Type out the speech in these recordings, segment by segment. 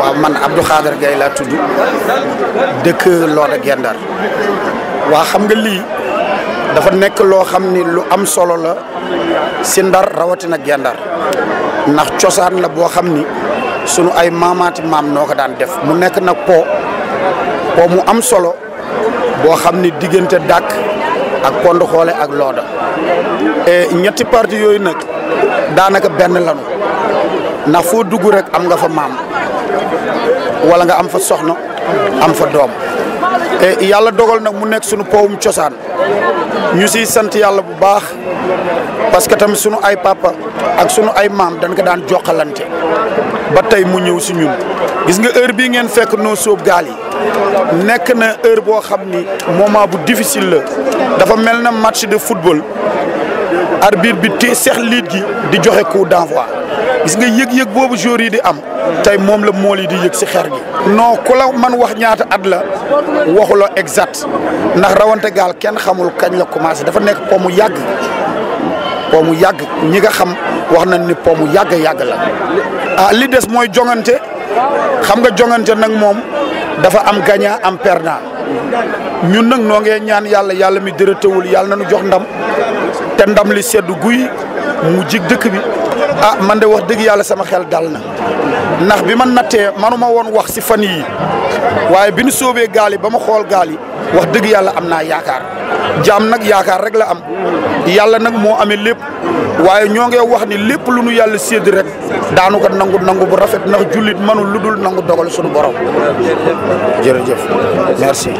waaw man Abdou Khader Gaye laa tudd dëkk Loda Gendar waa xam nga lii dafa nekk loo xam ni lu am solo la si Ndar rawatina Gendar ndax cosaan la boo xam ni sunu ay maamaati maam noo ko daan def mu nekk nag po po mu am solo boo xam ni diggante dàkk ak Kondo xolé ak e ñetti parti yooyu nag daanaka ben lanu na fo duggu rek am nga fa mam wala nga am fa soxna am fa dom e yalla dogal nak mu nek sunu powum ciosan ñu ci sante yalla bu baax parce que tam sunu ay papa ak sunu ay mam, dañ ko daan joxalante ba tay mu ñew ci ñun gis nga heure bi ngeen fekk no soop gaal yi nekk na heure boo xam ni moment bu difficile la dafa mel na match de football arbitre bi te seex liit gi di joxe coup d'envoi gis nga yëg-yëg boobu joueur yi di am tey moom la mool yi di yëg si xeer gi. non ku la man wax ñaata at la waxuloo la exact ndax rawante gaal kenn xamul kañ la commencé dafa nekk po mu yàgg po mu yàgg ñi nga xam wax nañ ni po mu yàgg yàgg la. ah li des mooy jongante xam nga jongante nag moom. dafa am gagnant am perdant ñun nag noo ngee ñaan yàlla yàlla mi dërëtewul yàlla na nu jox ndam te ndam li sedd guy mu jig dëkk bi ah man de wax dëgg yàlla sama xel dal na ndax bi ma nattee manuma woon wax si fan yii waaye bi nu soobee gaal ba mu xool gaal yi wax dëgg yàlla am naa yaakaar jaam nag yaakaar rek la am yàlla nag moo amee lépp waaye ñoo ngi wax ni lépp lu nu yàlla sédd rek daanu ko nangu nangu bu rafet ndax jullit manul lu dul nangu dogal sunu borom jërëjëf merci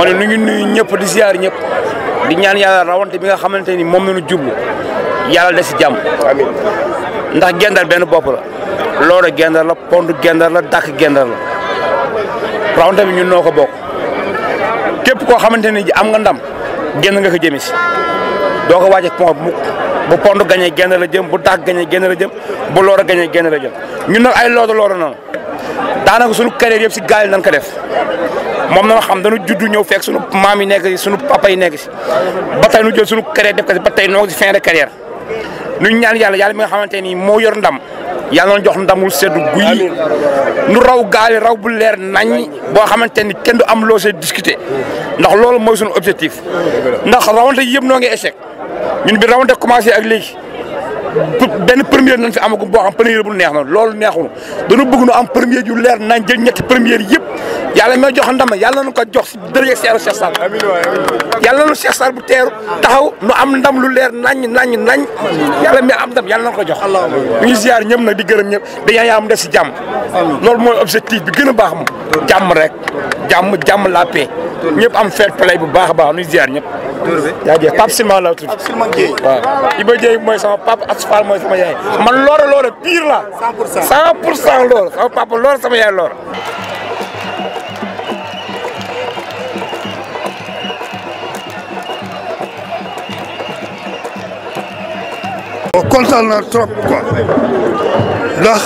mané ne nu ngi nuyu ñëpp di ziar ñëpp di ñaan yalla rawante bi nga xamanteni mom moom jublu yalla dess si amin ndax gendar ben bop la loolu gendar la pondu gendar la dak gendar la rawante bi ñun noko bok képp ko xamanteni am nga ndam génn nga ko jëmis do doo ko wàcce pont bu bu pondu gañee gendar la jëm bu dak gañee gendar la jëm bu loolu gañee gendar la jëm ñun nak ay loolu loolu noonu. daanaka suñu carrière yëpp si gaal yi nañ ko def moom na xam dañu juddu ñëw fekk suñu maam yi nekk sunu suñu papa yi nekk si ba tey nu jël sunu carrière def ko si ba tey noo si fin de carrière ñu ñaan yàlla yàlla mi nga xamante ni moo yor ndam yàlla na jox ndamul seddu guy nu raw gaal raw bu leer nañ boo xamante ni kenn du am loo see discuter ndax loolu mooy sunu objectif ndax rawante yëpp noo ngi échec ñun bi rawante commencé ak léegi. benn premier nañ fi amagum boo am premier bu neex na loolu neexul dañu bëgg nu am premier ju leer nañ jël ñetti premier yëpp. yàlla may jox ndam yàlla na ko jox si dërëjëf seeru Cheikh Sarr yàlla nu Cheikh Sarr bu teeru taxaw nu am dam lu leer nañ nañ nañ yàlla may am ndam yàlla na ko jox ñu ngi ziar ñëpp nag di gërëm ñëpp dañaa yaam def si jàmm loolu mooy objectif bi gën a baax moom mu rek jàmm jàmm la paix ñëpp am fair play bu baax a baax ñu ziar ñëpp jaajëf Pape Silman laa tudd waaw Iba Dieye mooy sama papa Asfal mooy sama yaay man loora loora pire la cent pour cent loora sama papa loora sama yaay loora o oh, kontaan naa trop quoi ndax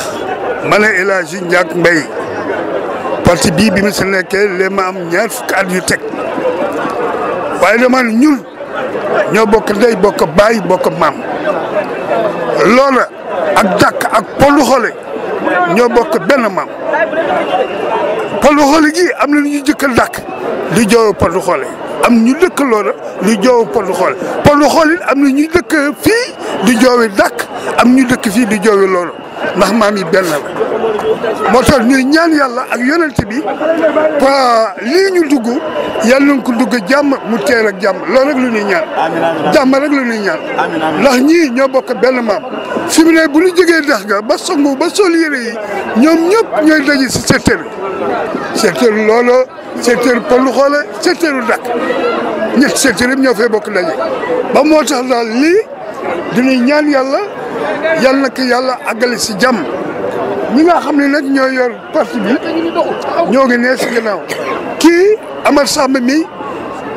ma ne El Hadji parti bii bi ma si nekkee lee ma am ñaar fukki at yu teg waaye dama ne ñun ñoo bokk ndey bokk baay bokk maam loola ak dàkk ak pollu xole ñoo bokk benn maam pol xole gi am na lu ñu jëkk a dàkk di jooyu pollu xole am ñu dëkk loola lu joowu pondu xool pondu xool it am na ñu dëkk fii di joowi dàkk am ñu dëkk fii di joowi loolu ndax maam i benn la moo tax ñuy ñaan yàlla ak yonent bi pa lii ñu dugg yàlla nañ dugg jàmm mu teel ak jàmm loolu rek lu ñuy ñaan jàmm rek lu ñuy ñaan ndax ñi ñoo bokk benn maam fi mu ne bu ñu jógee dex ga ba songu ba sol yére yi ñoom ñëpp ñooy daje si secteur bi secteur secteur pël xoole secteur u dakk ñett secteur yëpp ñoo fay bokk daje ba moo tax daal lii dinañ ñaan yàlla yàlla na ko yàlla àggale si jàmm ñi nga xam ni nag ñoo yor parti bi ñoo ngi nee si ginnaaw kii Amath Samb mi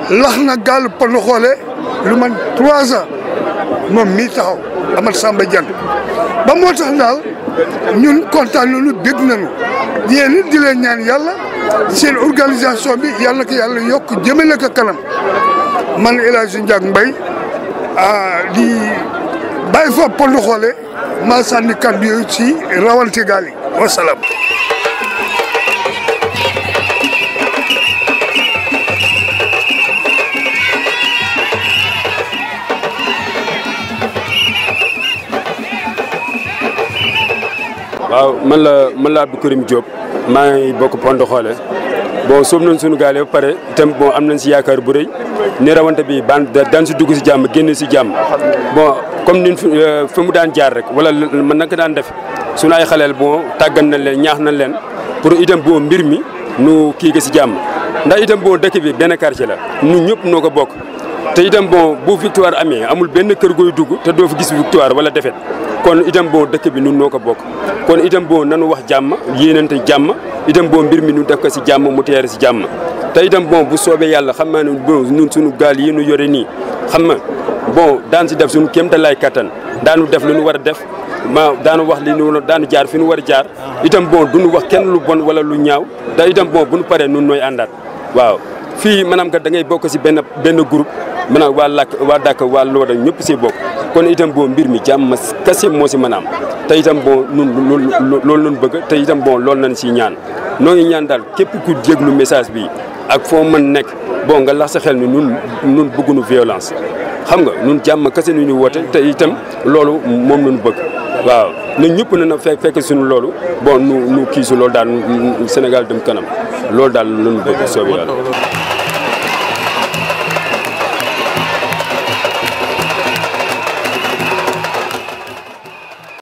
lax na gaal pël xoole lu man trois ans moom mii taxaw Amath Samba Dieng ba moo tax daal ñun kontaan nañu bég nañu yéen it di ñaan yàlla seen organisation bi yàlla ko yàlla yokk jëmale ko kanam man El Hadj Ndiak Mbaye ah di bay fa pondu xoole maa sànni kàddu yooyu ci rawante gaal yi wasalaam. waaw man la man la Abdou mu Diop maa ngi bokk Pont Doxolé bon soob nañ suñu gaale ba pare itam bon am nañ si yaakaar bu rëy ni rawante bi ban daan si dugg si jàmm génn si jàmm bon comme ni euh, fi mu daan jaar rek wala man naka daan def suñu ay xaleel bon tàggat nañ leen ñaax nañ leen pour itam bon mbir mi nu kii ko si jàmm ndax itam bon dëkk bi benn quartier la ñun ñëpp noo ko bokk te itam bon bu victoire amee amul benn kër gooy dugg te doo fa gis victoire wala défaite kon itam bo dekk bi nu noko bok kon itam bo nanu wax jàmm yéenante jàmm itam bo mbir mi nu def ko si jamma mu téré si jamma te itam bon bu sobe yalla xam na bo bon sunu gal yi nu yore ni xam na bon daan si def suñu lay katan daanu def lu nu wara def ma daanu wax li nu daanu jaar fi nu wara jaar itam bon nu wax kenn lu bon wala lu ñaaw da itam bon bu nu paré nu noy andat waaw fi manam kat da ngay bok ci ben ben groupe maanaam waa lakk waa dàkk waa looda ñëpp si bokk kon itam boo mbir mi jàmm kese moo si mën a am te itam boo nun loolu lañ bëgg te itam bon loolu nañ si ñaan noo ñaan daal képp ku jéglu message bi ak foo man nekk bon nga lax sa xel ni nun nun bëggunu violence xam nga nun jàmm kese nu ñu woote te itam loolu moom nun bëgg waaw na ñëpp na na fekk fekk suñu loolu bon nu nu kii su loolu daal Sénégal dem kanam loolu daal lu bëgg soobee yàlla